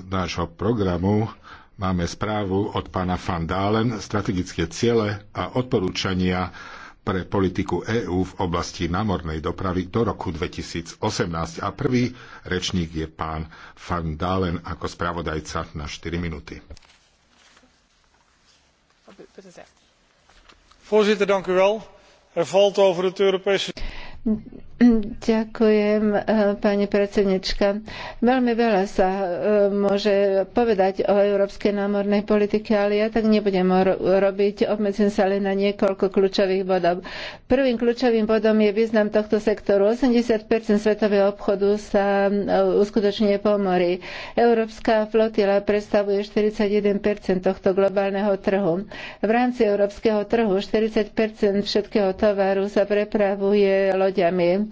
nášho programu máme správu od pána Van Dalen, strategické ciele a odporúčania pre politiku EÚ v oblasti námornej dopravy do roku 2018. A prvý rečník je pán Van Dalen ako spravodajca na 4 minúty. Voorzitter, dank u wel. Er valt over het Europese Ďakujem, eh, pani predsednička. Veľmi veľa sa eh, môže povedať o európskej námornej politike, ale ja tak nebudem robiť. Obmedzím sa len na niekoľko kľúčových bodov. Prvým kľúčovým bodom je význam tohto sektoru. 80 svetového obchodu sa eh, uskutočne po mori. Európska flotila predstavuje 41 tohto globálneho trhu. V rámci európskeho trhu 40 všetkého tovaru sa prepravuje loďami.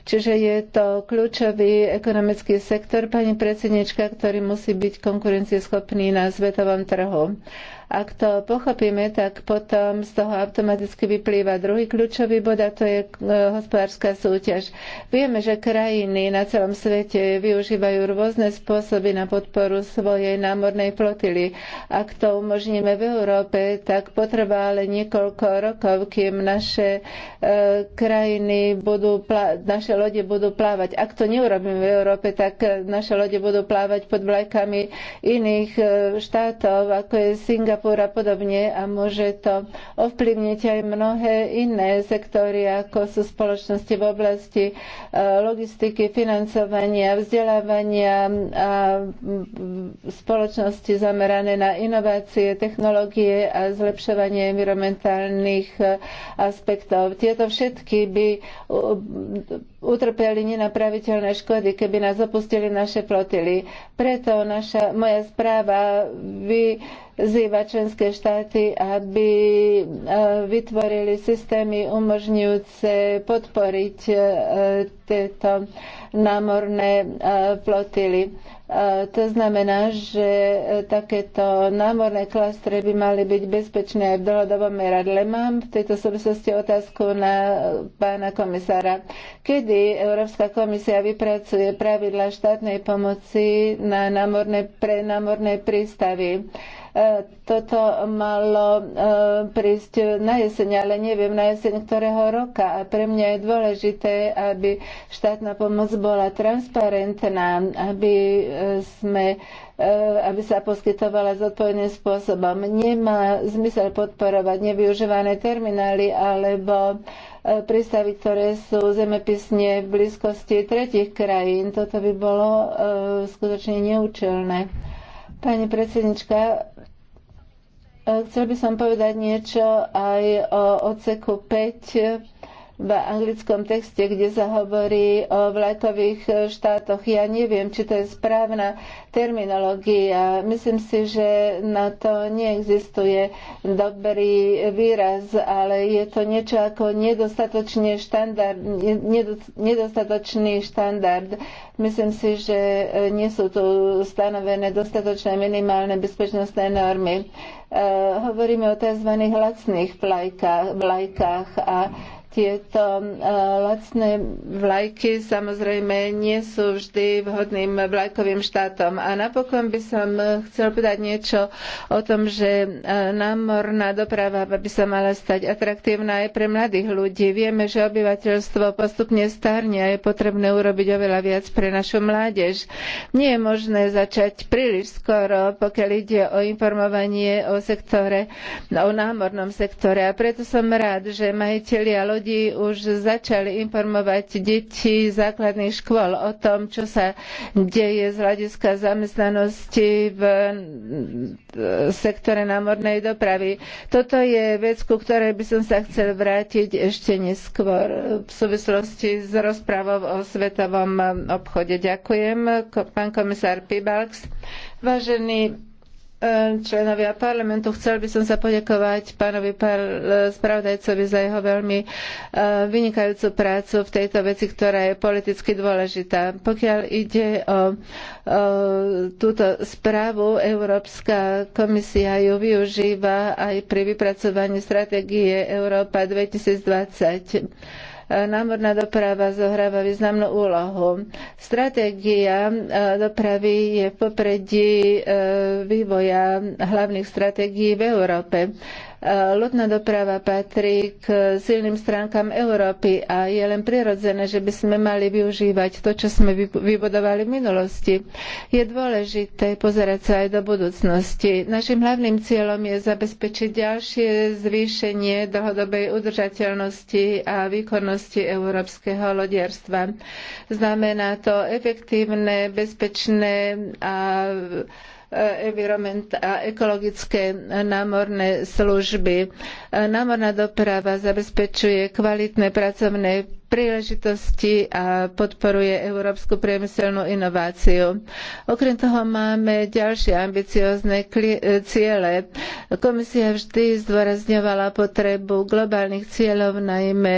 Čiže je to kľúčový ekonomický sektor, pani predsednička, ktorý musí byť konkurencieschopný na svetovom trhu. Ak to pochopíme, tak potom z toho automaticky vyplýva druhý kľúčový bod a to je e, hospodárska súťaž. Vieme, že krajiny na celom svete využívajú rôzne spôsoby na podporu svojej námornej flotily. Ak to umožníme v Európe, tak potrvá ale niekoľko rokov, kým naše e, krajiny budú, naše naše lode budú plávať. Ak to neurobíme v Európe, tak e, naše lode budú plávať pod vlajkami iných e, štátov, ako je Singapur a podobne a môže to ovplyvniť aj mnohé iné sektory, ako sú spoločnosti v oblasti e, logistiky, financovania, vzdelávania a spoločnosti zamerané na inovácie, technológie a zlepšovanie environmentálnych aspektov. Tieto všetky by utrpeli nenapraviteľné škody, keby nás opustili naše flotily. Preto naša, moja správa vy zýva členské štáty, aby e, vytvorili systémy umožňujúce podporiť e, tieto námorné e, flotily. To znamená, že takéto námorné klastre by mali byť bezpečné aj v dlhodobom meradle. Mám v tejto súvislosti otázku na pána komisára. Kedy Európska komisia vypracuje pravidla štátnej pomoci na námorné, pre námorné prístavy? E, toto malo e, prísť na jeseň, ale neviem na jeseň ktorého roka. A pre mňa je dôležité, aby štátna pomoc bola transparentná, aby e, sme aby sa poskytovala zodpovedným spôsobom. Nemá zmysel podporovať nevyužívané terminály alebo prístavy, ktoré sú zemepisne v blízkosti tretich krajín. Toto by bolo skutočne neúčelné. Pani predsednička, Chcel by som povedať niečo aj o odseku 5 v anglickom texte, kde sa hovorí o vlajkových štátoch. Ja neviem, či to je správna terminológia. Myslím si, že na to neexistuje dobrý výraz, ale je to niečo ako nedostatočný štandard, nedostatočný štandard. Myslím si, že nie sú tu stanovené dostatočné minimálne bezpečnostné normy. Eh, hovoríme o tzv. lacných vlajkách a tieto e, lacné vlajky samozrejme nie sú vždy vhodným vlajkovým štátom. A napokon by som chcel povedať niečo o tom, že e, námorná doprava by sa mala stať atraktívna aj pre mladých ľudí. Vieme, že obyvateľstvo postupne starne a je potrebné urobiť oveľa viac pre našu mládež. Nie je možné začať príliš skoro, pokiaľ ide o informovanie o sektore, o námornom sektore. A preto som rád, že majiteľi a ľudí už začali informovať deti základných škôl o tom, čo sa deje z hľadiska zamestnanosti v sektore námornej dopravy. Toto je vec, ku ktorej by som sa chcel vrátiť ešte neskôr v súvislosti s rozprávou o svetovom obchode. Ďakujem, pán komisár Pibalks. Vážený členovia parlamentu. Chcel by som sa poďakovať pánovi spravodajcovi za jeho veľmi e, vynikajúcu prácu v tejto veci, ktorá je politicky dôležitá. Pokiaľ ide o, o túto správu, Európska komisia ju využíva aj pri vypracovaní stratégie Európa 2020 námorná doprava zohráva významnú úlohu. Stratégia e, dopravy je v popredí e, vývoja hlavných stratégií v Európe. Eh, Lodná doprava patrí k silným stránkam Európy a je len prirodzené, že by sme mali využívať to, čo sme vybudovali v minulosti. Je dôležité pozerať sa aj do budúcnosti. Našim hlavným cieľom je zabezpečiť ďalšie zvýšenie dlhodobej udržateľnosti a výkonnosti európskeho lodierstva. Znamená to efektívne, bezpečné a Eh, environment a ekologické námorné služby. Eh, námorná doprava zabezpečuje kvalitné pracovné príležitosti a podporuje európsku priemyselnú inováciu. Okrem toho máme ďalšie ambiciózne ciele. Komisia vždy zdôrazňovala potrebu globálnych cieľov, najmä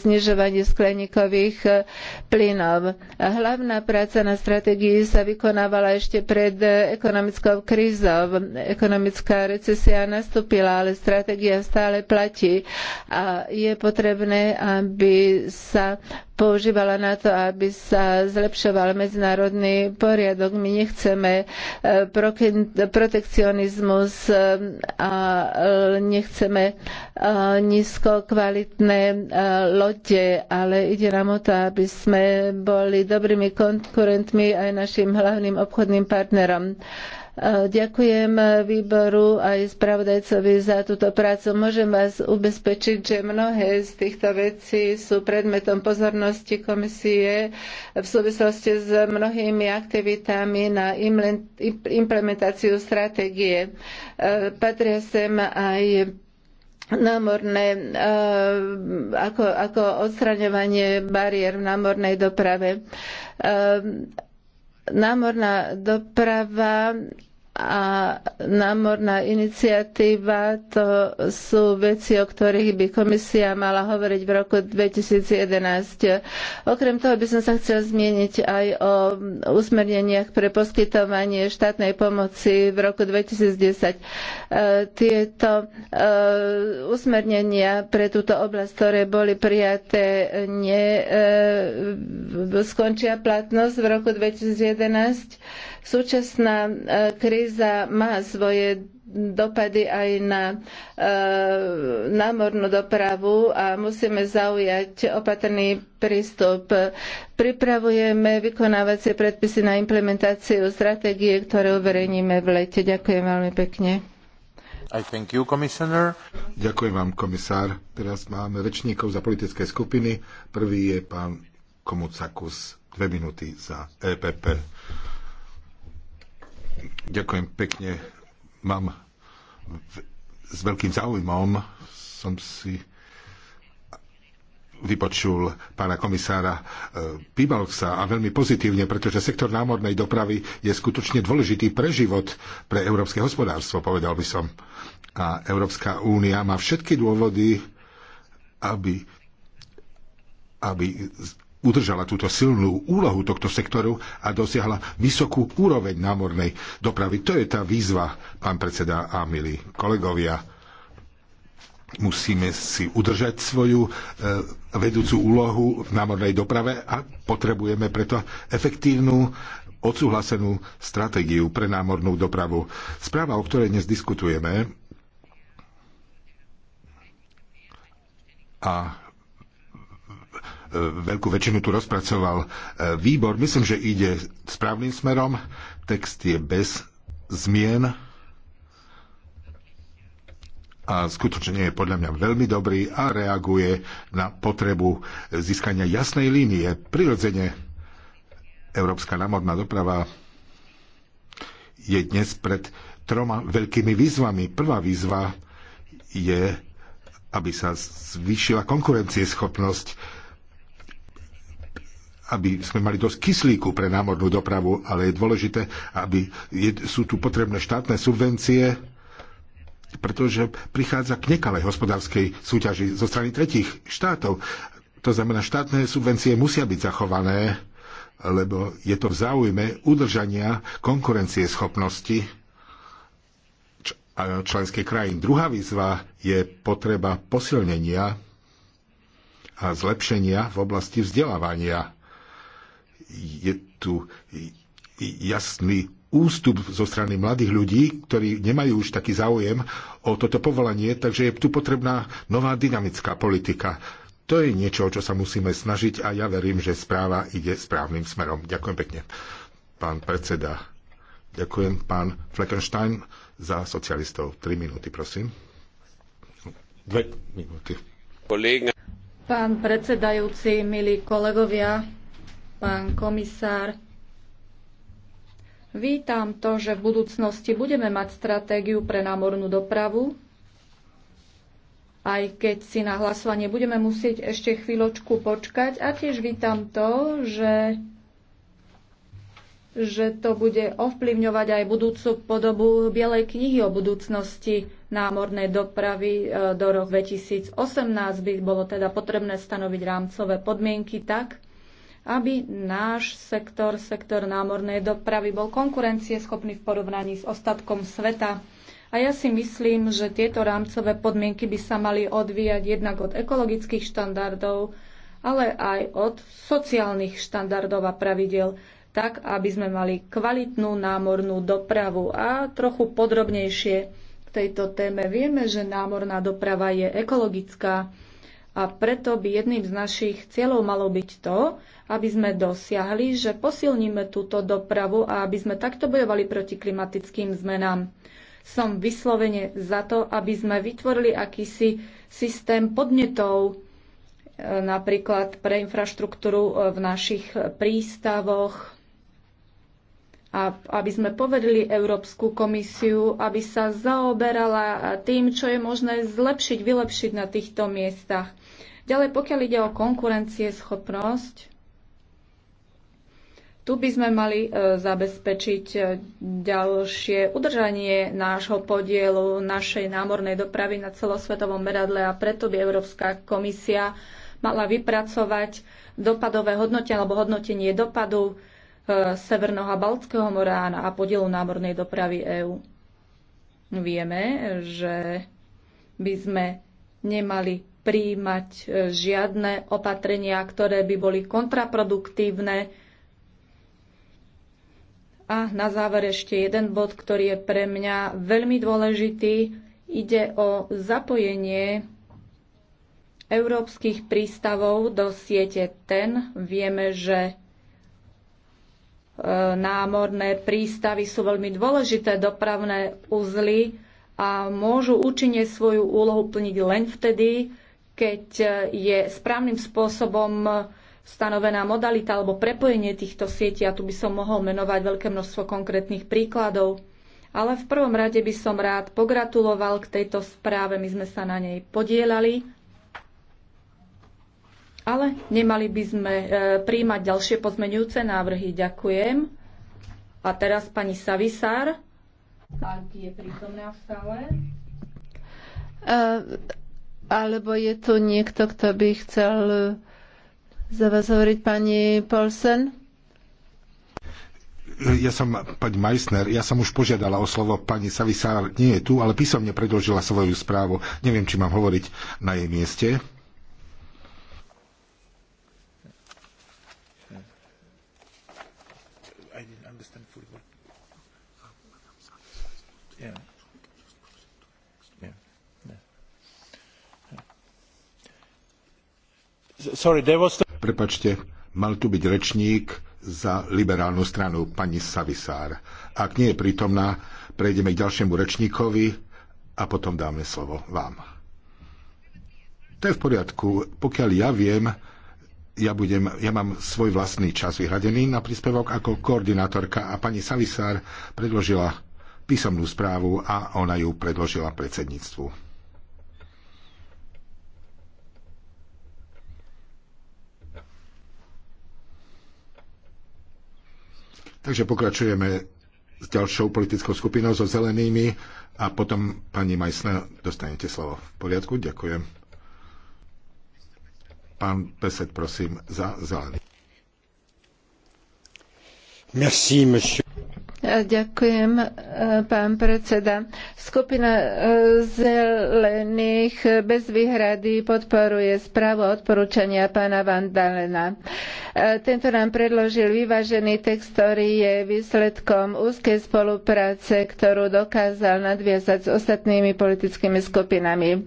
znižovanie skleníkových plynov. Hlavná práca na stratégii sa vykonávala ešte pred ekonomickou krízou. Ekonomická recesia nastúpila, ale stratégia stále platí a je potrebné, aby sa používala na to, aby sa zlepšoval medzinárodný poriadok. My nechceme e, protekcionizmus e, a e, nechceme nízko kvalitné lode, ale ide nám o to, aby sme boli dobrými konkurentmi aj našim hlavným obchodným partnerom. Ďakujem výboru aj spravodajcovi za túto prácu. Môžem vás ubezpečiť, že mnohé z týchto vecí sú predmetom pozornosti komisie v súvislosti s mnohými aktivitami na implementáciu stratégie. E, patria sem aj námorné, e, ako, ako odstraňovanie bariér v námornej doprave e, námorná doprava a námorná iniciatíva, to sú veci, o ktorých by komisia mala hovoriť v roku 2011. Okrem toho by som sa chcela zmieniť aj o usmerneniach pre poskytovanie štátnej pomoci v roku 2010. E, tieto e, usmernenia pre túto oblasť, ktoré boli prijaté, ne, e, skončia platnosť v roku 2011 Súčasná e, kríza má svoje dopady aj na e, námornú dopravu a musíme zaujať opatrný prístup. Pripravujeme vykonávacie predpisy na implementáciu stratégie, ktoré uverejníme v lete. Ďakujem veľmi pekne. You, Ďakujem vám, komisár. Teraz máme rečníkov za politické skupiny. Prvý je pán Komucakus, dve minúty za EPP. Ďakujem pekne. Mám s veľkým záujmom som si vypočul pána komisára e, Pibalksa a veľmi pozitívne, pretože sektor námornej dopravy je skutočne dôležitý pre život, pre európske hospodárstvo, povedal by som. A Európska únia má všetky dôvody, aby, aby udržala túto silnú úlohu tohto sektoru a dosiahla vysokú úroveň námornej dopravy. To je tá výzva, pán predseda a milí kolegovia. Musíme si udržať svoju e, vedúcu úlohu v námornej doprave a potrebujeme preto efektívnu odsúhlasenú stratégiu pre námornú dopravu. Správa, o ktorej dnes diskutujeme, a veľkú väčšinu tu rozpracoval e, výbor. Myslím, že ide správnym smerom. Text je bez zmien a skutočne je podľa mňa veľmi dobrý a reaguje na potrebu získania jasnej línie. Prirodzene Európska námorná doprava je dnes pred troma veľkými výzvami. Prvá výzva je, aby sa zvýšila konkurencieschopnosť aby sme mali dosť kyslíku pre námornú dopravu, ale je dôležité, aby je, sú tu potrebné štátne subvencie, pretože prichádza k nekalej hospodárskej súťaži zo strany tretich štátov. To znamená, štátne subvencie musia byť zachované, lebo je to v záujme udržania konkurencie schopnosti členskej krajín. Druhá výzva je potreba posilnenia a zlepšenia v oblasti vzdelávania je tu jasný ústup zo strany mladých ľudí, ktorí nemajú už taký záujem o toto povolanie, takže je tu potrebná nová dynamická politika. To je niečo, o čo sa musíme snažiť a ja verím, že správa ide správnym smerom. Ďakujem pekne. Pán predseda, ďakujem pán Fleckenstein za socialistov. Tri minúty, prosím. Dve minúty. Pán predsedajúci, milí kolegovia, pán komisár. Vítam to, že v budúcnosti budeme mať stratégiu pre námornú dopravu, aj keď si na hlasovanie budeme musieť ešte chvíľočku počkať. A tiež vítam to, že že to bude ovplyvňovať aj budúcu podobu Bielej knihy o budúcnosti námornej dopravy e, do roku 2018. By bolo teda potrebné stanoviť rámcové podmienky tak, aby náš sektor, sektor námornej dopravy, bol konkurencieschopný v porovnaní s ostatkom sveta. A ja si myslím, že tieto rámcové podmienky by sa mali odvíjať jednak od ekologických štandardov, ale aj od sociálnych štandardov a pravidel, tak aby sme mali kvalitnú námornú dopravu a trochu podrobnejšie k tejto téme. Vieme, že námorná doprava je ekologická, a preto by jedným z našich cieľov malo byť to, aby sme dosiahli, že posilníme túto dopravu a aby sme takto bojovali proti klimatickým zmenám. Som vyslovene za to, aby sme vytvorili akýsi systém podnetov, e, napríklad pre infraštruktúru e, v našich prístavoch, a aby sme poverili Európsku komisiu, aby sa zaoberala tým, čo je možné zlepšiť, vylepšiť na týchto miestach. Ďalej, pokiaľ ide o konkurencieschopnosť, tu by sme mali e, zabezpečiť e, ďalšie udržanie nášho podielu našej námornej dopravy na celosvetovom meradle a preto by Európska komisia mala vypracovať dopadové hodnotenie alebo hodnotenie dopadu E, Severného a Baltského mora a podielu námornej dopravy EÚ. Vieme, že by sme nemali príjmať e, žiadne opatrenia, ktoré by boli kontraproduktívne. A na záver ešte jeden bod, ktorý je pre mňa veľmi dôležitý. Ide o zapojenie európskych prístavov do siete TEN. Vieme, že námorné prístavy sú veľmi dôležité dopravné uzly a môžu účinne svoju úlohu plniť len vtedy, keď je správnym spôsobom stanovená modalita alebo prepojenie týchto sietí. A tu by som mohol menovať veľké množstvo konkrétnych príkladov. Ale v prvom rade by som rád pogratuloval k tejto správe. My sme sa na nej podielali ale nemali by sme e, príjmať ďalšie pozmeňujúce návrhy. Ďakujem. A teraz pani Savisár. Ak je prítomná v sále. alebo je tu niekto, kto by chcel e, za vás hovoriť, pani Polsen? E, ja som, pani Meissner, ja som už požiadala o slovo, pani Savisár nie je tu, ale písomne predložila svoju správu. Neviem, či mám hovoriť na jej mieste. Prepačte, mal tu byť rečník za liberálnu stranu, pani Savisár. Ak nie je prítomná, prejdeme k ďalšiemu rečníkovi a potom dáme slovo vám. To je v poriadku. Pokiaľ ja viem, ja, budem, ja mám svoj vlastný čas vyhradený na príspevok ako koordinátorka a pani Savisár predložila písomnú správu a ona ju predložila predsedníctvu. Takže pokračujeme s ďalšou politickou skupinou, so zelenými a potom pani Majsna dostanete slovo. V poriadku, ďakujem. Pán Peset, prosím, za zelený. Merci, monsieur. Ďakujem, e, pán predseda. Skupina e, zelených bez výhrady podporuje správu odporúčania pána Vandalena. E, tento nám predložil vyvážený text, ktorý je výsledkom úzkej spolupráce, ktorú dokázal nadviazať s ostatnými politickými skupinami.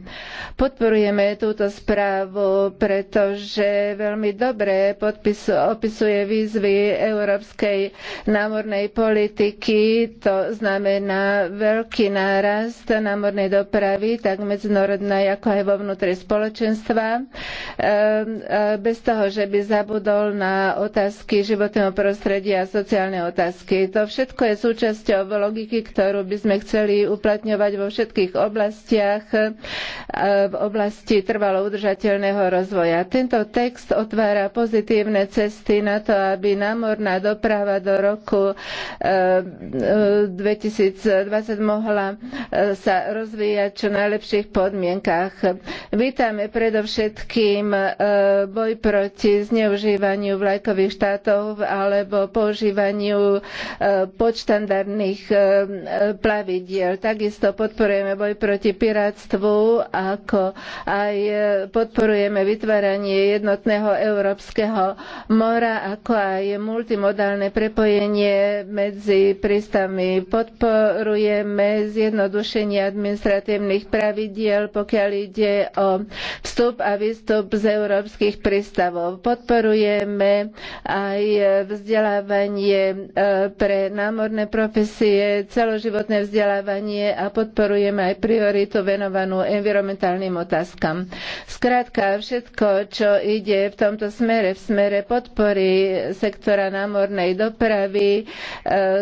Podporujeme túto správu, pretože veľmi dobre podpisu, opisuje výzvy európskej námornej politiky politiky, to znamená veľký nárast námornej dopravy, tak medzinárodnej, ako aj vo vnútri spoločenstva, ehm, ehm, bez toho, že by zabudol na otázky životného prostredia a sociálne otázky. To všetko je súčasťou logiky, ktorú by sme chceli uplatňovať vo všetkých oblastiach ehm, v oblasti trvalo udržateľného rozvoja. Tento text otvára pozitívne cesty na to, aby námorná doprava do roku 2020 mohla eh, sa rozvíjať čo najlepších podmienkách. Vítame predovšetkým eh, boj proti zneužívaniu vlajkových štátov alebo používaniu eh, podštandardných plavidiel. Takisto podporujeme boj proti pirátstvu, ako aj podporujeme vytváranie jednotného európskeho mora, ako aj multimodálne prepojenie medzi prístavmi. Podporujeme zjednodušenie administratívnych pravidiel, pokiaľ ide o vstup a výstup z európskych prístavov. Podporujeme aj vzdelávanie e, pre námorné profesie, celoživotné vzdelávanie a podporujeme aj prioritu venovanú environmentálnym otázkam. Skrátka, všetko, čo ide v tomto smere, v smere podpory sektora námornej dopravy,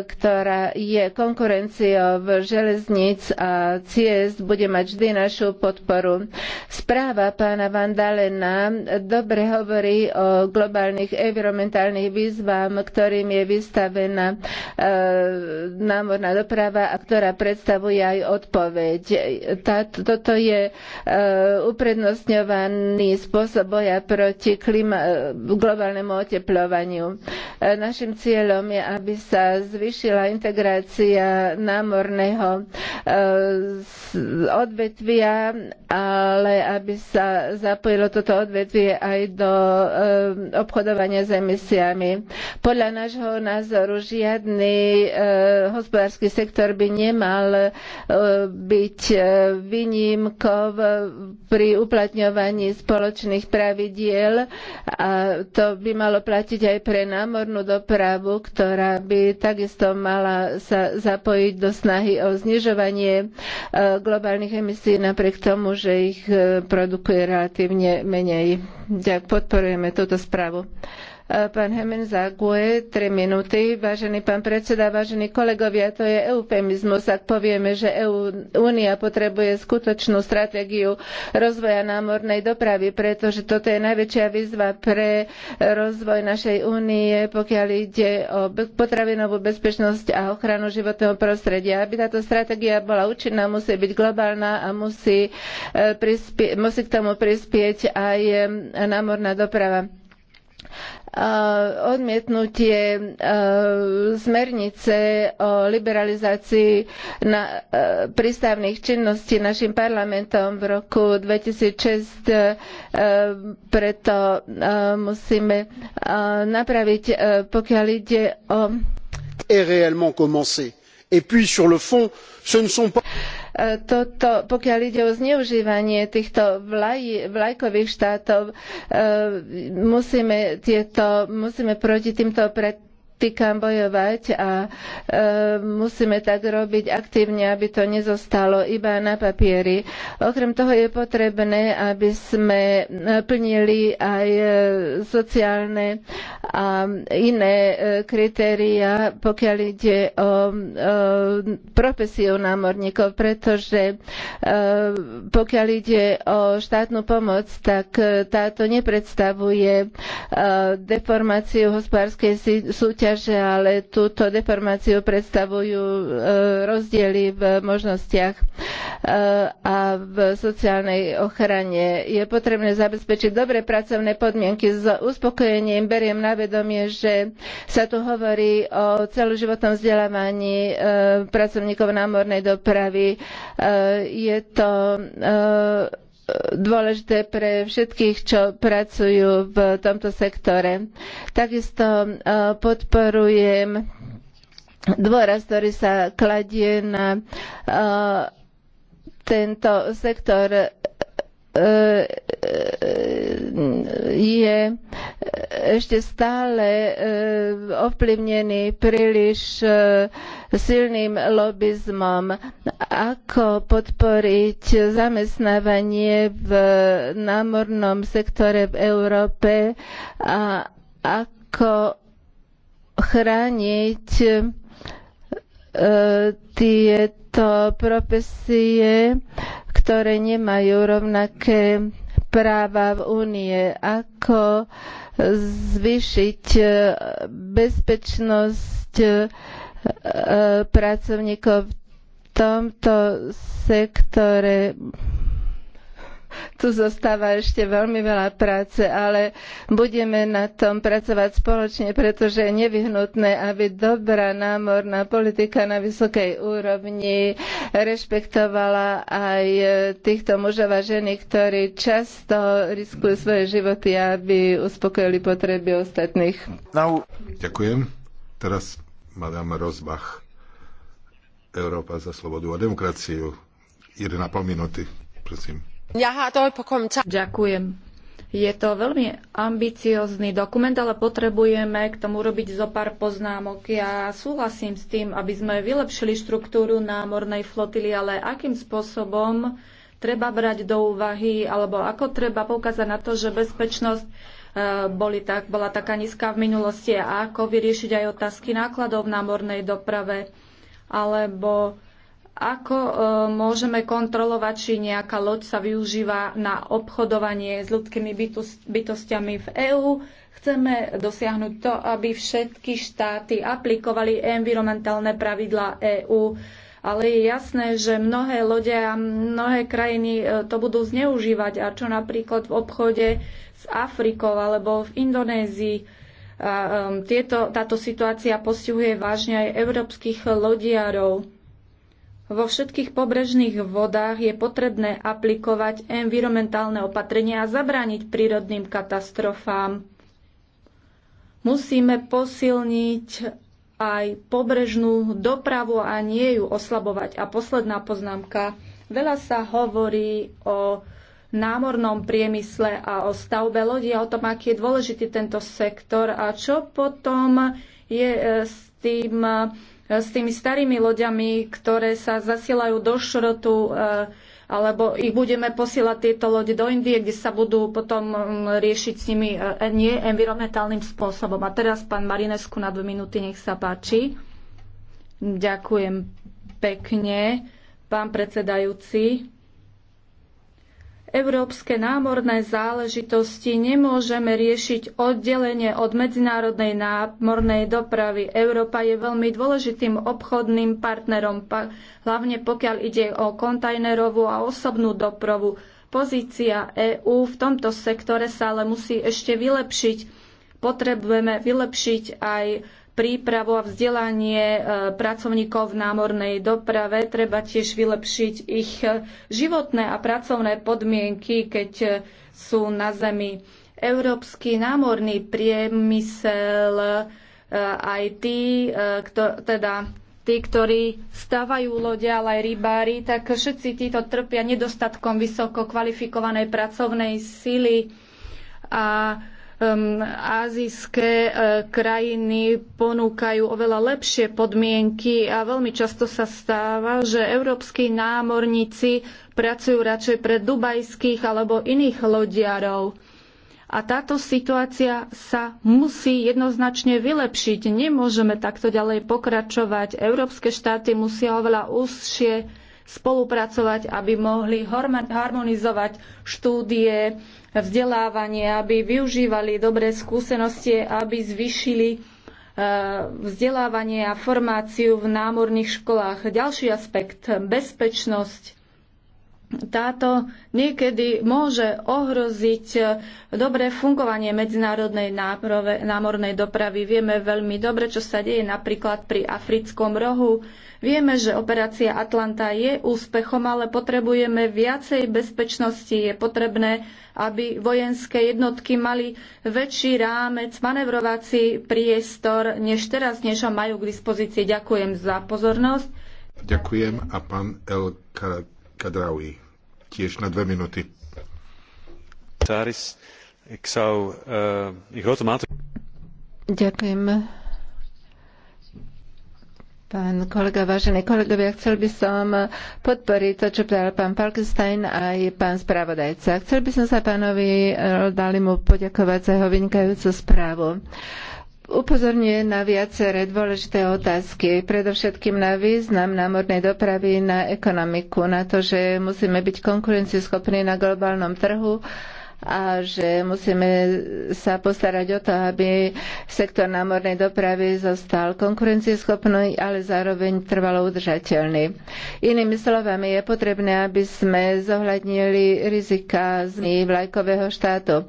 k e, ktorá je konkurenciou železnic a ciest, bude mať vždy našu podporu. Správa pána Vandalena dobre hovorí o globálnych environmentálnych výzvám, ktorým je vystavená e, námorná doprava a ktorá predstavuje aj odpoveď. Tá, toto je e, uprednostňovaný spôsob boja proti klima, globálnemu oteplovaniu. E, našim cieľom je, aby sa zvyšil zlepšila integrácia námorného e, odvetvia, ale aby sa zapojilo toto odvetvie aj do e, obchodovania s emisiami. Podľa nášho názoru žiadny e, hospodársky sektor by nemal byť výnimkou pri uplatňovaní spoločných pravidiel a to by malo platiť aj pre námornú dopravu, ktorá by takisto mala sa zapojiť do snahy o znižovanie e, globálnych emisí napriek tomu, že ich e, produkuje relatívne menej. Ďak, podporujeme túto správu. Pán Hemen Zague, tri minúty. Vážený pán predseda, vážení kolegovia, to je eufemizmus, ak povieme, že EU, Únia potrebuje skutočnú stratégiu rozvoja námornej dopravy, pretože toto je najväčšia výzva pre rozvoj našej únie, pokiaľ ide o potravinovú bezpečnosť a ochranu životného prostredia. Aby táto stratégia bola účinná, musí byť globálna a musí, e, musí k tomu prispieť aj e, námorná doprava. Eh, odmietnutie eh, smernice o liberalizácii na eh, prístavných činností našim parlamentom v roku 2006. Preto musíme napraviť, pokiaľ ide o est réellement Et puis sur le fond, ce ne sont pas toto, pokiaľ ide o zneužívanie týchto vlaj, vlajkových štátov, e, musíme, tieto, musíme proti týmto pred kam bojovať a e, musíme tak robiť aktívne, aby to nezostalo iba na papieri. Okrem toho je potrebné, aby sme plnili aj e, sociálne a iné e, kritéria, pokiaľ ide o e, profesiu námorníkov, pretože e, pokiaľ ide o štátnu pomoc, tak e, táto nepredstavuje e, deformáciu hospodárskej súťaže súťaže, ale túto deformáciu predstavujú e, rozdiely v možnostiach e, a v sociálnej ochrane. Je potrebné zabezpečiť dobré pracovné podmienky. S uspokojením beriem na vedomie, že sa tu hovorí o celoživotnom vzdelávaní e, pracovníkov námornej dopravy. Je to dôležité pre všetkých, čo pracujú v tomto sektore. Takisto e, podporujem dôraz, ktorý sa kladie na e, tento sektor e, je ešte stále e, ovplyvnený príliš e, silným lobizmom. Ako podporiť zamestnávanie v námornom sektore v Európe a ako chrániť e, tieto profesie, ktoré nemajú rovnaké práva v únie, ako zvýšiť e, bezpečnosť e, e, pracovníkov v tomto sektore tu zostáva ešte veľmi veľa práce, ale budeme na tom pracovať spoločne, pretože je nevyhnutné, aby dobrá námorná politika na vysokej úrovni rešpektovala aj týchto mužov a ženy, ktorí často riskujú svoje životy, aby uspokojili potreby ostatných. No. Ďakujem. Teraz madame Rozbach. Európa za slobodu a demokraciu. 1,5 minúty, prosím. Ďakujem. Je to veľmi ambiciózny dokument, ale potrebujeme k tomu robiť zo pár poznámok. Ja súhlasím s tým, aby sme vylepšili štruktúru námornej flotily, ale akým spôsobom treba brať do úvahy, alebo ako treba poukázať na to, že bezpečnosť e, boli tak, bola taká nízka v minulosti a ako vyriešiť aj otázky nákladov v námornej doprave, alebo ako e, môžeme kontrolovať, či nejaká loď sa využíva na obchodovanie s ľudskými bytostiami v EÚ? Chceme dosiahnuť to, aby všetky štáty aplikovali environmentálne pravidlá EÚ, ale je jasné, že mnohé lode a mnohé krajiny e, to budú zneužívať. A čo napríklad v obchode s Afrikou alebo v Indonézii, e, tieto, táto situácia postihuje vážne aj európskych lodiarov vo všetkých pobrežných vodách je potrebné aplikovať environmentálne opatrenia a zabrániť prírodným katastrofám. Musíme posilniť aj pobrežnú dopravu a nie ju oslabovať. A posledná poznámka. Veľa sa hovorí o námornom priemysle a o stavbe lodi a o tom, aký je dôležitý tento sektor a čo potom je eh, s tým E, s tými starými loďami, ktoré sa zasielajú do šrotu, e, alebo ich budeme posielať tieto lode do Indie, kde sa budú potom mm, riešiť s nimi e, nie environmentálnym spôsobom. A teraz pán Marinesku na dve minúty, nech sa páči. Ďakujem pekne, pán predsedajúci. Európske námorné záležitosti nemôžeme riešiť oddelenie od medzinárodnej námornej dopravy. Európa je veľmi dôležitým obchodným partnerom, hlavne pokiaľ ide o kontajnerovú a osobnú dopravu. Pozícia EÚ v tomto sektore sa ale musí ešte vylepšiť. Potrebujeme vylepšiť aj prípravu a vzdelanie e, pracovníkov v námornej doprave. Treba tiež vylepšiť ich e, životné a pracovné podmienky, keď e, sú na zemi. Európsky námorný priemysel aj tí, kto, teda tí, ktorí stavajú lode, ale aj rybári, tak všetci títo trpia nedostatkom vysoko kvalifikovanej pracovnej sily a um, azijské uh, krajiny ponúkajú oveľa lepšie podmienky a veľmi často sa stáva, že európsky námorníci pracujú radšej pre dubajských alebo iných lodiarov. A táto situácia sa musí jednoznačne vylepšiť. Nemôžeme takto ďalej pokračovať. Európske štáty musia oveľa úzšie spolupracovať, aby mohli harmonizovať štúdie, vzdelávanie, aby využívali dobré skúsenosti, aby zvyšili e, vzdelávanie a formáciu v námorných školách. Ďalší aspekt, bezpečnosť táto niekedy môže ohroziť eh, dobré fungovanie medzinárodnej náprove, námornej dopravy. Vieme veľmi dobre, čo sa deje napríklad pri africkom rohu. Vieme, že operácia Atlanta je úspechom, ale potrebujeme viacej bezpečnosti. Je potrebné, aby vojenské jednotky mali väčší rámec, manevrovací priestor, než teraz, než ho majú k dispozícii. Ďakujem za pozornosť. Ďakujem a pán El Karat Kadraui. Tiež na dve minúty. Eh, Ďakujem. Pán kolega, vážení kolegovia, chcel by som podporiť to, čo povedal pán Falkenstein a aj pán spravodajca. Chcel by som sa pánovi Dalimu poďakovať za jeho vynikajúcu správu. Uh, upozorňuje na viaceré dôležité otázky, predovšetkým na význam námornej dopravy, na ekonomiku, na to, že musíme byť konkurencieschopní na globálnom trhu a že musíme sa postarať o to, aby sektor námornej dopravy zostal konkurencieschopný, ale zároveň trvalo udržateľný. Inými slovami, je potrebné, aby sme zohľadnili rizika z vlajkového štátu.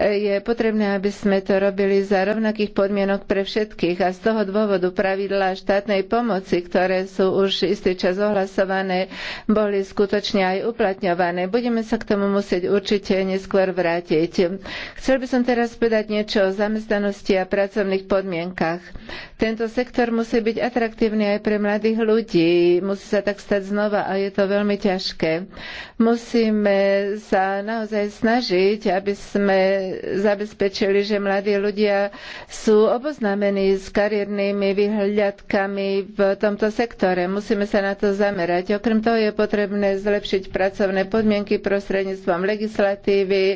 Je potrebné, aby sme to robili za rovnakých podmienok pre všetkých a z toho dôvodu pravidlá štátnej pomoci, ktoré sú už istý čas ohlasované, boli skutočne aj uplatňované. Budeme sa k tomu musieť určite neskôr neskôr vrátiť. Chcel by som teraz povedať niečo o zamestnanosti a pracovných podmienkach. Tento sektor musí byť atraktívny aj pre mladých ľudí. Musí sa tak stať znova a je to veľmi ťažké. Musíme sa naozaj snažiť, aby sme zabezpečili, že mladí ľudia sú oboznámení s kariérnymi vyhľadkami v tomto sektore. Musíme sa na to zamerať. Okrem toho je potrebné zlepšiť pracovné podmienky prostredníctvom legislatívy,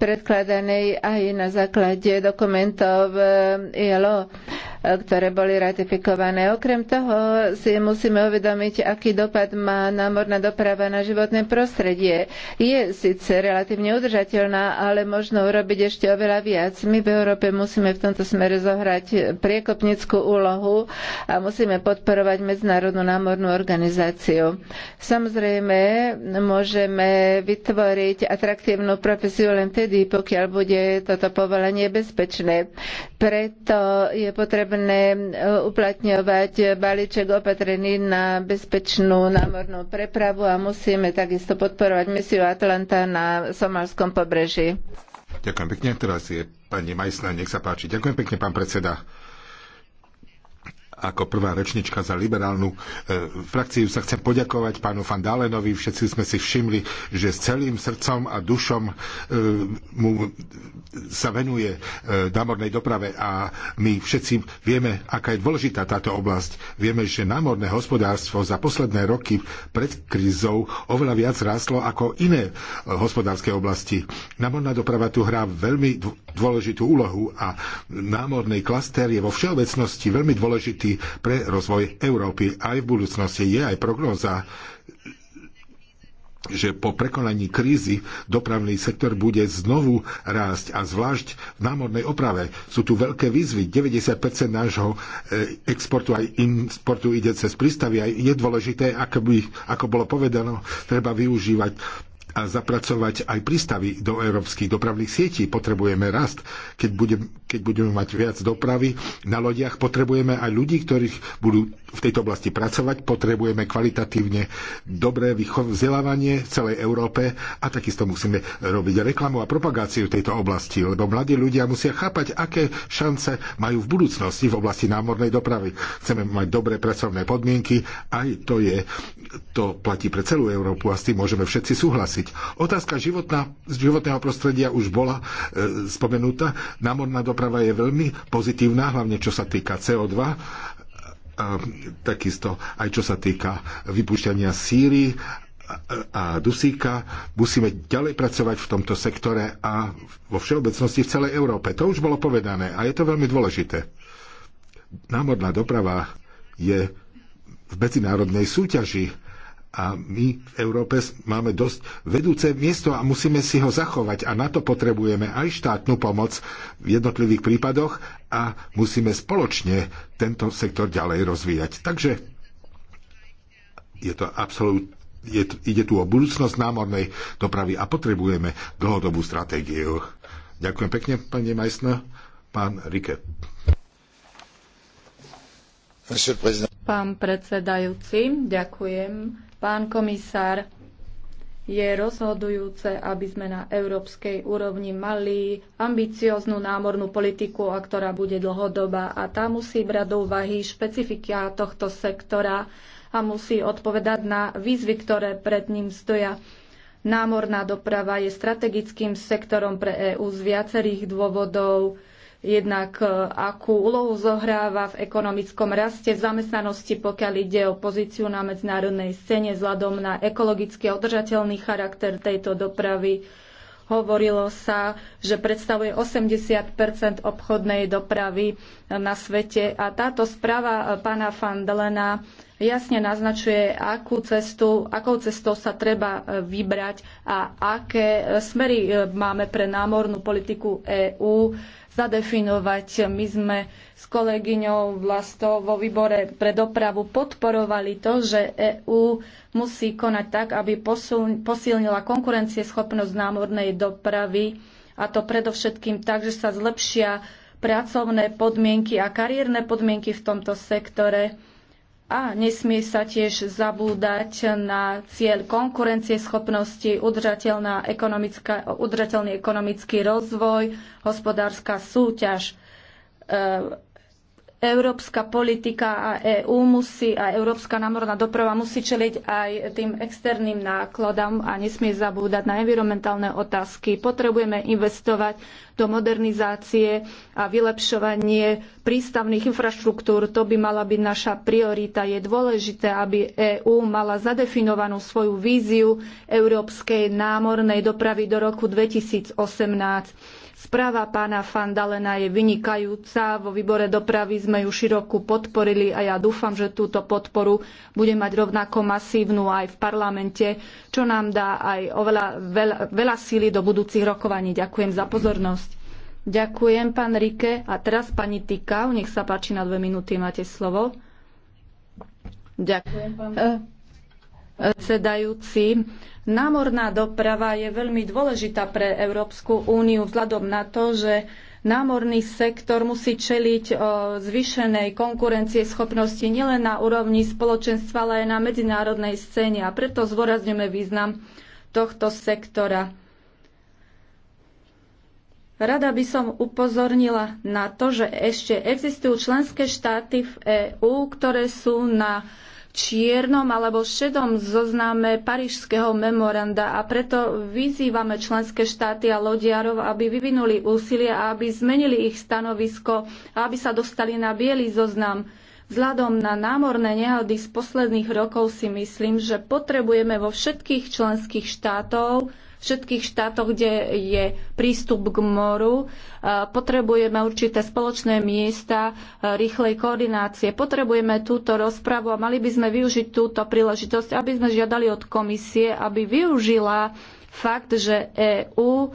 predkladanej aj na základe dokumentov eh, ILO eh, ktoré boli ratifikované. Okrem toho si musíme uvedomiť, aký dopad má námorná doprava na životné prostredie. Je síce relatívne udržateľná, ale možno urobiť ešte oveľa viac. My v Európe musíme v tomto smere zohrať priekopnickú úlohu a musíme podporovať Medzinárodnú námornú organizáciu. Samozrejme, môžeme vytvoriť atraktívnu profesiu len vtedy, vtedy, pokiaľ bude toto povolenie bezpečné. Preto je potrebné e, uplatňovať balíček opatrený na bezpečnú námornú prepravu a musíme takisto podporovať misiu Atlanta na somalskom pobreží. Ďakujem pekne. Teraz je pani Majsna, nech sa páči. Ďakujem pekne, pán predseda. Ako prvá rečnička za liberálnu e, frakciu sa chcem poďakovať pánu Dalenovi. Všetci sme si všimli, že s celým srdcom a dušom e, mu sa venuje e, námornej doprave a my všetci vieme, aká je dôležitá táto oblasť. Vieme, že námorné hospodárstvo za posledné roky pred krízou oveľa viac rástlo ako iné hospodárske oblasti. Námorná doprava tu hrá veľmi dôležitú úlohu a námorný klaster je vo všeobecnosti veľmi dôležitý pre rozvoj Európy. Aj v budúcnosti je aj prognoza, že po prekonaní krízy dopravný sektor bude znovu rásť a zvlášť v námornej oprave. Sú tu veľké výzvy. 90% nášho eh, exportu aj importu ide cez prístavy a je dôležité, ako, by, ako bolo povedano, treba využívať a zapracovať aj prístavy do európskych dopravných sietí. Potrebujeme rast. Keď, budem, keď budeme mať viac dopravy na lodiach, potrebujeme aj ľudí, ktorých budú v tejto oblasti pracovať, potrebujeme kvalitatívne dobré vzdelávanie v celej Európe a takisto musíme robiť reklamu a propagáciu v tejto oblasti, lebo mladí ľudia musia chápať, aké šance majú v budúcnosti v oblasti námornej dopravy. Chceme mať dobré pracovné podmienky, aj to je, to platí pre celú Európu a s tým môžeme všetci súhlasiť. Otázka životná, životného prostredia už bola e, spomenutá. Námorná doprava je veľmi pozitívna, hlavne čo sa týka CO2 takisto aj čo sa týka vypúšťania síry a dusíka. Musíme ďalej pracovať v tomto sektore a vo všeobecnosti v celej Európe. To už bolo povedané a je to veľmi dôležité. Námorná doprava je v medzinárodnej súťaži a my v Európe máme dosť vedúce miesto a musíme si ho zachovať a na to potrebujeme aj štátnu pomoc v jednotlivých prípadoch a musíme spoločne tento sektor ďalej rozvíjať. Takže je to absolút, je, ide tu o budúcnosť námornej dopravy a potrebujeme dlhodobú stratégiu. Ďakujem pekne, pani Majsna. Pán Rike. Pán predsedajúci, ďakujem. Pán komisár, je rozhodujúce, aby sme na európskej úrovni mali ambicióznu námornú politiku, a ktorá bude dlhodobá a tá musí brať do úvahy špecifika tohto sektora a musí odpovedať na výzvy, ktoré pred ním stoja. Námorná doprava je strategickým sektorom pre EÚ z viacerých dôvodov jednak e, akú úlohu zohráva v ekonomickom raste, v zamestnanosti, pokiaľ ide o pozíciu na medzinárodnej scéne vzhľadom na ekologicky održateľný charakter tejto dopravy. Hovorilo sa, že predstavuje 80 obchodnej dopravy e, na svete a táto správa e, pána van Delena jasne naznačuje, akú cestu, akou cestou sa treba vybrať a aké smery máme pre námornú politiku EÚ zadefinovať. My sme s kolegyňou Vlastou vo výbore pre dopravu podporovali to, že EÚ musí konať tak, aby posilnila konkurencieschopnosť námornej dopravy a to predovšetkým tak, že sa zlepšia pracovné podmienky a kariérne podmienky v tomto sektore a nesmie sa tiež zabúdať na cieľ konkurencieschopnosti, schopnosti, ekonomická, udržateľný ekonomický rozvoj, hospodárska súťaž. E, Európska politika a EÚ musí, a Európska námorná doprava musí čeliť aj tým externým nákladom a nesmie zabúdať na environmentálne otázky. Potrebujeme investovať do modernizácie a vylepšovanie prístavných infraštruktúr. To by mala byť naša priorita. Je dôležité, aby EÚ mala zadefinovanú svoju víziu európskej námornej dopravy do roku 2018 Správa pána Fandalena je vynikajúca. Vo výbore dopravy sme ju široko podporili a ja dúfam, že túto podporu bude mať rovnako masívnu aj v parlamente, čo nám dá aj oveľa veľa, veľa síly do budúcich rokovaní. Ďakujem za pozornosť. Ďakujem, pán Rike. A teraz pani Tika, nech sa páči na dve minúty, máte slovo. Ďakujem, pán e, e, predsedajúci. Námorná doprava je veľmi dôležitá pre Európsku úniu vzhľadom na to, že námorný sektor musí čeliť zvyšenej konkurencie schopnosti nielen na úrovni spoločenstva, ale aj na medzinárodnej scéne. A preto zvorazňujeme význam tohto sektora. Rada by som upozornila na to, že ešte existujú členské štáty v EÚ, ktoré sú na čiernom alebo šedom zozname Parížského memoranda a preto vyzývame členské štáty a lodiarov, aby vyvinuli úsilie a aby zmenili ich stanovisko a aby sa dostali na biely zoznam. Vzhľadom na námorné nehody z posledných rokov si myslím, že potrebujeme vo všetkých členských štátov všetkých štátoch, kde je prístup k moru. E, potrebujeme určité spoločné miesta e, rýchlej koordinácie. Potrebujeme túto rozpravu a mali by sme využiť túto príležitosť, aby sme žiadali od komisie, aby využila fakt, že EÚ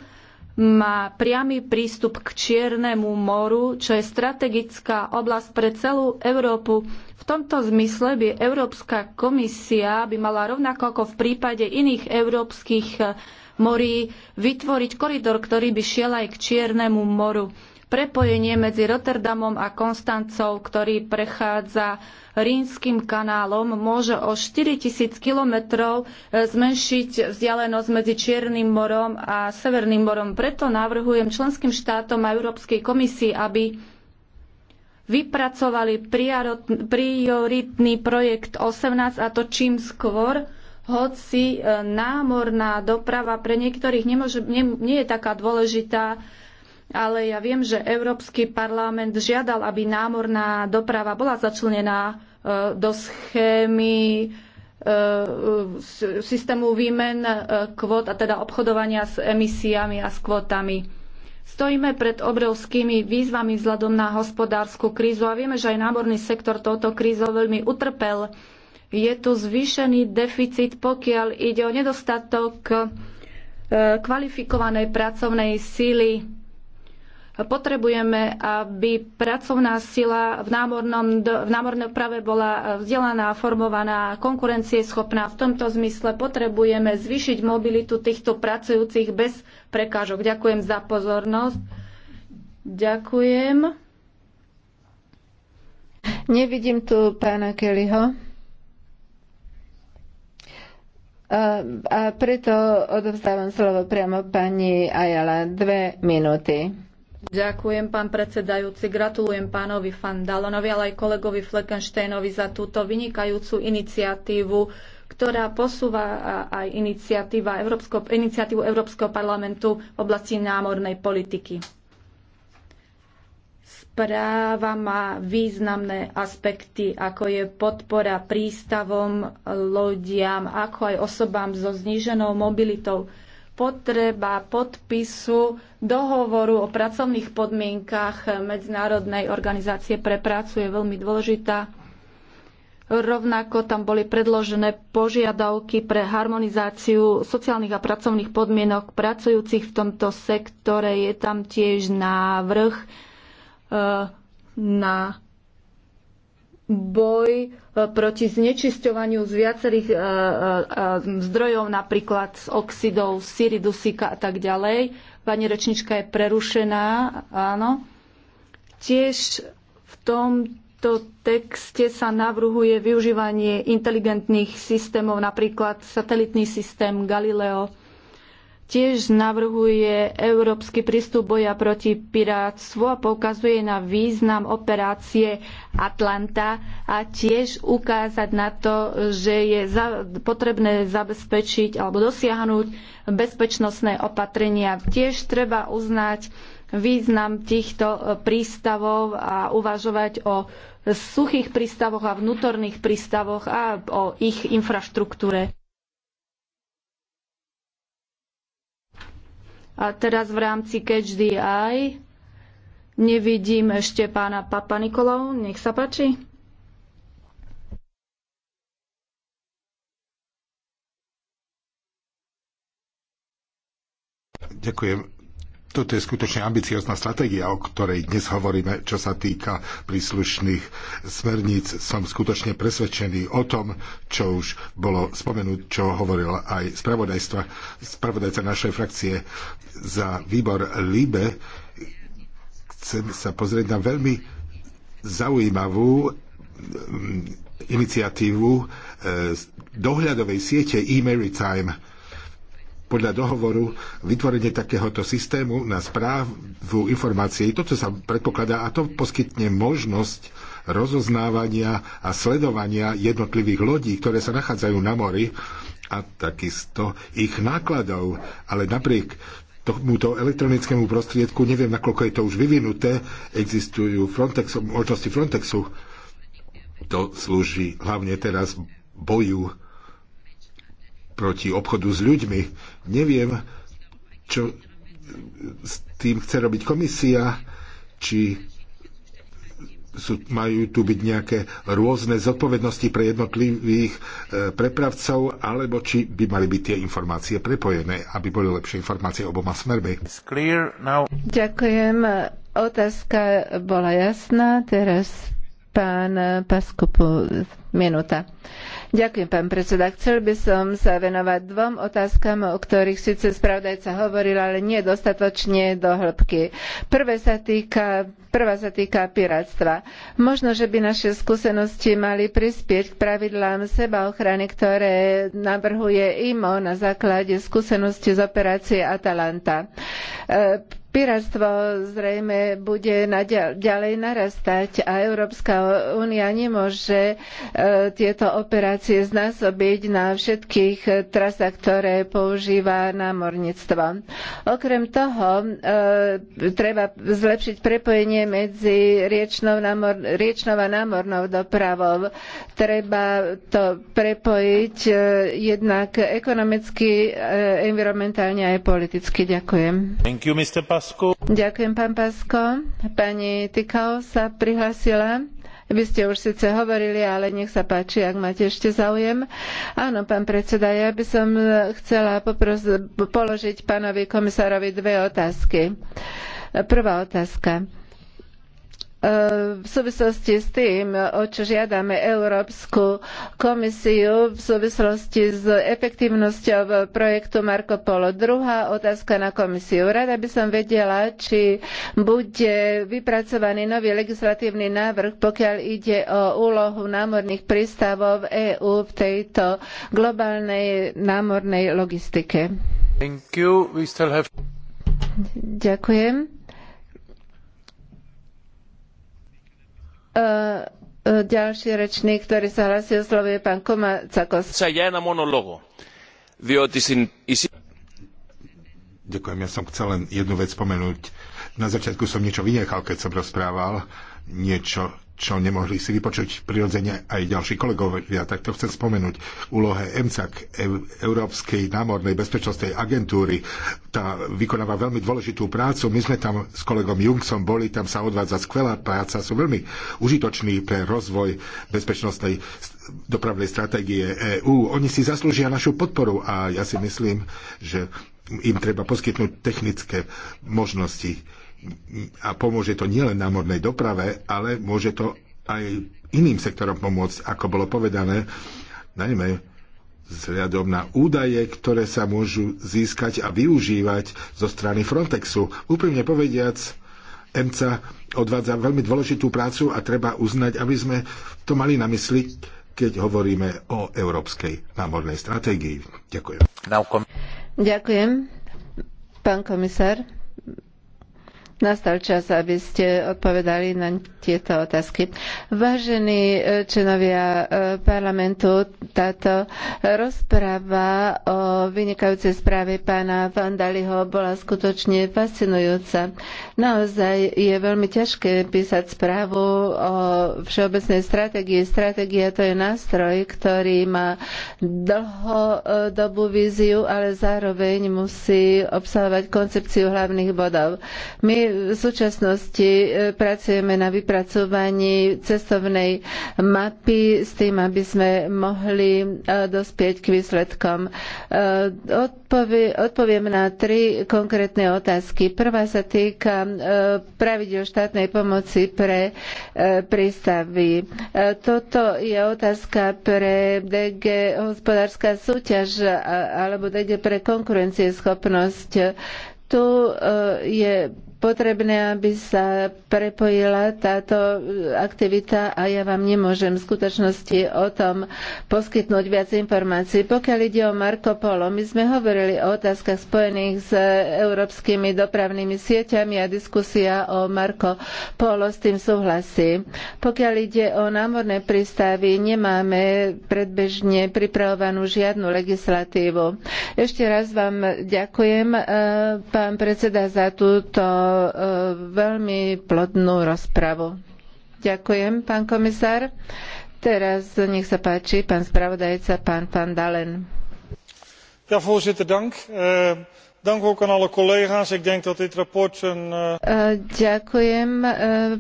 má priamy prístup k Čiernemu moru, čo je strategická oblasť pre celú Európu. V tomto zmysle by Európska komisia by mala rovnako ako v prípade iných európskych morí vytvoriť koridor, ktorý by šiel aj k Čiernemu moru. Prepojenie medzi Rotterdamom a Konstancou, ktorý prechádza Rínskym kanálom, môže o 4000 kilometrov e, zmenšiť vzdialenosť medzi Čiernym morom a Severným morom. Preto navrhujem členským štátom a Európskej komisii, aby vypracovali prioritný projekt 18 a to čím skôr, hoci e, námorná doprava pre niektorých nemôže, nie, nie je taká dôležitá, ale ja viem, že Európsky parlament žiadal, aby námorná doprava bola začlenená e, do schémy e, systému výmen kvót a teda obchodovania s emisiami a s kvótami. Stojíme pred obrovskými výzvami vzhľadom na hospodárskú krízu a vieme, že aj námorný sektor touto krízou veľmi utrpel je tu zvýšený deficit, pokiaľ ide o nedostatok e, kvalifikovanej pracovnej síly. Potrebujeme, aby pracovná sila v, námornom, v námornej prave bola e, vzdelaná, formovaná, konkurencieschopná. V tomto zmysle potrebujeme zvýšiť mobilitu týchto pracujúcich bez prekážok. Ďakujem za pozornosť. Ďakujem. Nevidím tu pána Kellyho. A preto odovzdávam slovo priamo pani Ajala. Dve minúty. Ďakujem, pán predsedajúci. Gratulujem pánovi Fandalonovi, ale aj kolegovi Fleckensteinovi za túto vynikajúcu iniciatívu, ktorá posúva aj iniciatíva Európsko, iniciatívu Európskeho parlamentu v oblasti námornej politiky správa má významné aspekty, ako je podpora prístavom, lodiam, ako aj osobám so zníženou mobilitou. Potreba podpisu dohovoru o pracovných podmienkach Medzinárodnej organizácie pre prácu je veľmi dôležitá. Rovnako tam boli predložené požiadavky pre harmonizáciu sociálnych a pracovných podmienok pracujúcich v tomto sektore. Je tam tiež návrh Eh, na boj eh, proti znečisťovaniu z viacerých eh, zdrojov, napríklad z oxidov, siridusika a tak ďalej. Pani rečnička je prerušená, áno. Tiež v tomto texte sa navrhuje využívanie inteligentných systémov, napríklad satelitný systém Galileo Tiež navrhuje európsky prístup boja proti pirátstvu a poukazuje na význam operácie Atlanta a tiež ukázať na to, že je za, potrebné zabezpečiť alebo dosiahnuť bezpečnostné opatrenia. Tiež treba uznať význam týchto prístavov a uvažovať o suchých prístavoch a vnútorných prístavoch a o ich infraštruktúre. A teraz v rámci Catch the Eye nevidím ešte pána Papa Nikolov. Nech sa páči. Ďakujem. Toto je skutočne ambiciozná stratégia, o ktorej dnes hovoríme, čo sa týka príslušných smerníc. Som skutočne presvedčený o tom, čo už bolo spomenúť, čo hovoril aj spravodajstva, spravodajca našej frakcie za výbor LIBE. Chcem sa pozrieť na veľmi zaujímavú mm, iniciatívu e, dohľadovej siete e-maritime podľa dohovoru vytvorenie takéhoto systému na správu informácií. Toto sa predpokladá a to poskytne možnosť rozoznávania a sledovania jednotlivých lodí, ktoré sa nachádzajú na mori a takisto ich nákladov. Ale napriek tomuto elektronickému prostriedku, neviem, nakoľko je to už vyvinuté, existujú Frontex, možnosti Frontexu. To slúži hlavne teraz boju proti obchodu s ľuďmi. Neviem, čo s tým chce robiť komisia, či sú, majú tu byť nejaké rôzne zodpovednosti pre jednotlivých e, prepravcov, alebo či by mali byť tie informácie prepojené, aby boli lepšie informácie oboma smermi. Ďakujem. Otázka bola jasná. Teraz pán Paskupu, minúta. Ďakujem, pán Chcel by som sa venovať dvom otázkam, o ktorých síce spravodajca hovoril, ale nie dostatočne do hĺbky. sa týka, prvá sa týka pirátstva. Možno, že by naše skúsenosti mali prispieť k pravidlám sebaochrany, ktoré navrhuje IMO na základe skúsenosti z operácie Atalanta. E, Pirátstvo zrejme bude ďalej narastať a Európska únia nemôže e, tieto operácie znásobiť na všetkých trasách, ktoré používa námorníctvo. Okrem toho e, treba zlepšiť prepojenie medzi riečnou, námor, riečnou a námornou dopravou. Treba to prepojiť e, jednak ekonomicky, environmentálne aj politicky. Ďakujem. Thank you, Mr. Pasko. Ďakujem, pán Pasko. Pani Tikao sa prihlasila. Vy ste už síce hovorili, ale nech sa páči, ak máte ešte záujem. Áno, pán predseda, ja by som chcela položiť pánovi komisárovi dve otázky. Prvá otázka Ehm, v súvislosti s tým, o čo žiadame Európsku komisiu v súvislosti s efektívnosťou projektu Marco Polo. Druhá otázka na komisiu. Rada by som vedela, či bude vypracovaný nový legislatívny návrh, pokiaľ ide o úlohu námorných prístavov EÚ v tejto globálnej námornej logistike. Have... Ďakujem. ďalší rečník, ktorý sa hlasí o slovo, je pán Komacakos. Ďakujem, ja som chcel len jednu vec spomenúť. Na začiatku som niečo vynechal, keď som rozprával niečo, čo nemohli si vypočuť prirodzene aj ďalší kolegovia. Tak to chcem spomenúť. Úlohe EMCAK, Európskej námornej bezpečnostnej agentúry, tá vykonáva veľmi dôležitú prácu. My sme tam s kolegom Jungsom boli, tam sa odvádza skvelá práca, sú veľmi užitoční pre rozvoj bezpečnostnej dopravnej stratégie EÚ. Oni si zaslúžia našu podporu a ja si myslím, že im treba poskytnúť technické možnosti a pomôže to nielen námornej doprave, ale môže to aj iným sektorom pomôcť, ako bolo povedané, najmä vzhľadom na údaje, ktoré sa môžu získať a využívať zo strany Frontexu. Úprimne povediac, EMCA odvádza veľmi dôležitú prácu a treba uznať, aby sme to mali na mysli, keď hovoríme o európskej námornej stratégii. Ďakujem. Ďakujem. Pán komisár nastal čas, aby ste odpovedali na tieto otázky. Vážení e, členovia e, parlamentu, táto rozprava o vynikajúcej správe pána Vandaliho bola skutočne fascinujúca. Naozaj je veľmi ťažké písať správu o všeobecnej stratégii. Stratégia to je nástroj, ktorý má dlhodobú víziu, ale zároveň musí obsahovať koncepciu hlavných bodov. My my v súčasnosti e, pracujeme na vypracovaní cestovnej mapy s tým, aby sme mohli e, dospieť k výsledkom. E, odpoviem na tri konkrétne otázky. Prvá sa týka pravidel štátnej pomoci pre prístavy. Toto je otázka pre DG hospodárska súťaž alebo DG pre konkurencieschopnosť tu je potrebné, aby sa prepojila táto e, aktivita a ja vám nemôžem v skutočnosti o tom poskytnúť viac informácií. Pokiaľ ide o Marco Polo, my sme hovorili o otázkach spojených s európskymi dopravnými sieťami a diskusia o Marco Polo s tým súhlasí. Pokiaľ ide o námorné prístavy, nemáme predbežne pripravovanú žiadnu legislatívu. Ešte raz vám ďakujem, e, pán predseda, za túto E, veľmi plodnú rozpravu. Ďakujem, pán komisár. Teraz nech sa páči, pán spravodajca, pán Van Dalen. Ja, voorzitter, dank. E, dank ook aan alle collega's. Ik denk dat dit rapport een. Uh... Uh, ďakujem, uh,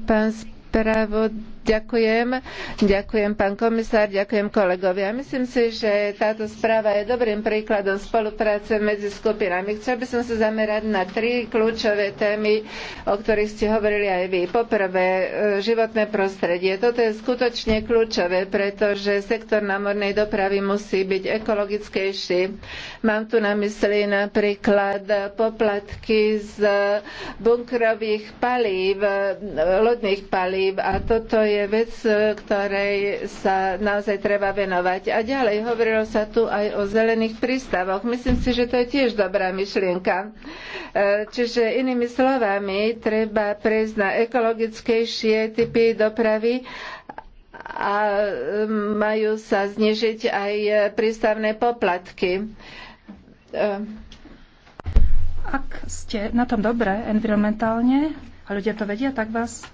pán spravodajca Ďakujem. Ďakujem, pán komisár, ďakujem kolegovia. Myslím si, že táto správa je dobrým príkladom spolupráce medzi skupinami. Chcel by som sa zamerať na tri kľúčové témy, o ktorých ste hovorili aj vy. Poprvé, e, životné prostredie. Toto je skutočne kľúčové, pretože sektor námornej dopravy musí byť ekologickejší. Mám tu na mysli napríklad poplatky z bunkrových palív, e, lodných palív a toto je je vec, ktorej sa naozaj treba venovať. A ďalej hovorilo sa tu aj o zelených prístavoch. Myslím si, že to je tiež dobrá myšlienka. E, čiže inými slovami, treba prejsť na ekologickejšie typy dopravy a majú sa znižiť aj prístavné poplatky. E, Ak ste na tom dobre environmentálne, a ľudia to vedia, tak vás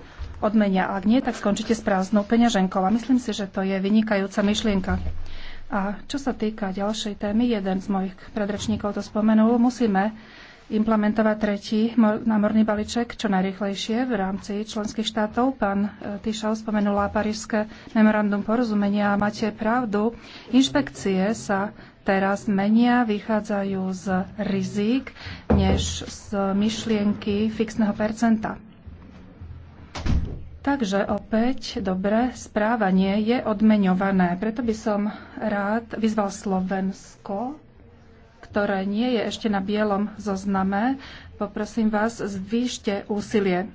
odmenia. Ak nie, tak skončíte s prázdnou peňaženkou. A myslím si, že to je vynikajúca myšlienka. A čo sa týka ďalšej témy, jeden z mojich predrečníkov to spomenul, musíme implementovať tretí námorný balíček čo najrychlejšie v rámci členských štátov. Pán e, Tyšal spomenula Parížske memorandum porozumenia. Máte pravdu, inšpekcie sa teraz menia, vychádzajú z rizík, než z myšlienky fixného percenta. Takže opäť, dobre, správanie je odmeňované. Preto by som rád vyzval Slovensko, ktoré nie je ešte na bielom zozname. Poprosím vás, zvýšte úsilie.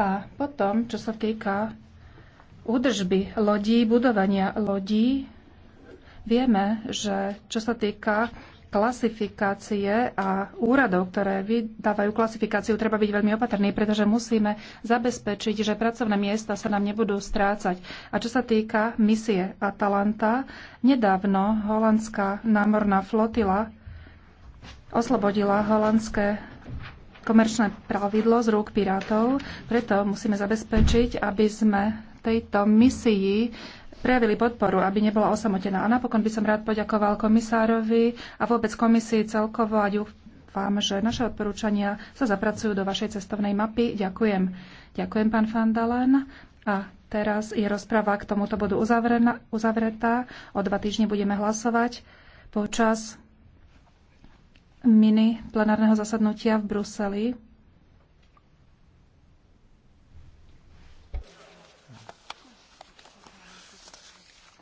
A potom, čo sa týka údržby lodí, budovania lodí, vieme, že čo sa týka klasifikácie a úradov, ktoré vydávajú klasifikáciu, treba byť veľmi opatrný, pretože musíme zabezpečiť, že pracovné miesta sa nám nebudú strácať. A čo sa týka misie Atalanta, nedávno holandská námorná flotila oslobodila holandské komerčné pravidlo z rúk pirátov, preto musíme zabezpečiť, aby sme tejto misii prejavili podporu, aby nebola osamotená. A napokon by som rád poďakoval komisárovi a vôbec komisii celkovo a dúfam, že naše odporúčania sa zapracujú do vašej cestovnej mapy. Ďakujem. Ďakujem, pán Fandalen. A teraz je rozprava k tomuto bodu uzavrená, uzavretá. O dva týždne budeme hlasovať počas mini plenárneho zasadnutia v Bruseli.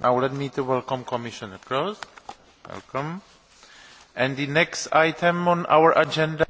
Now let me welcome Commissioner Kroes. Welcome. And the next item on our agenda.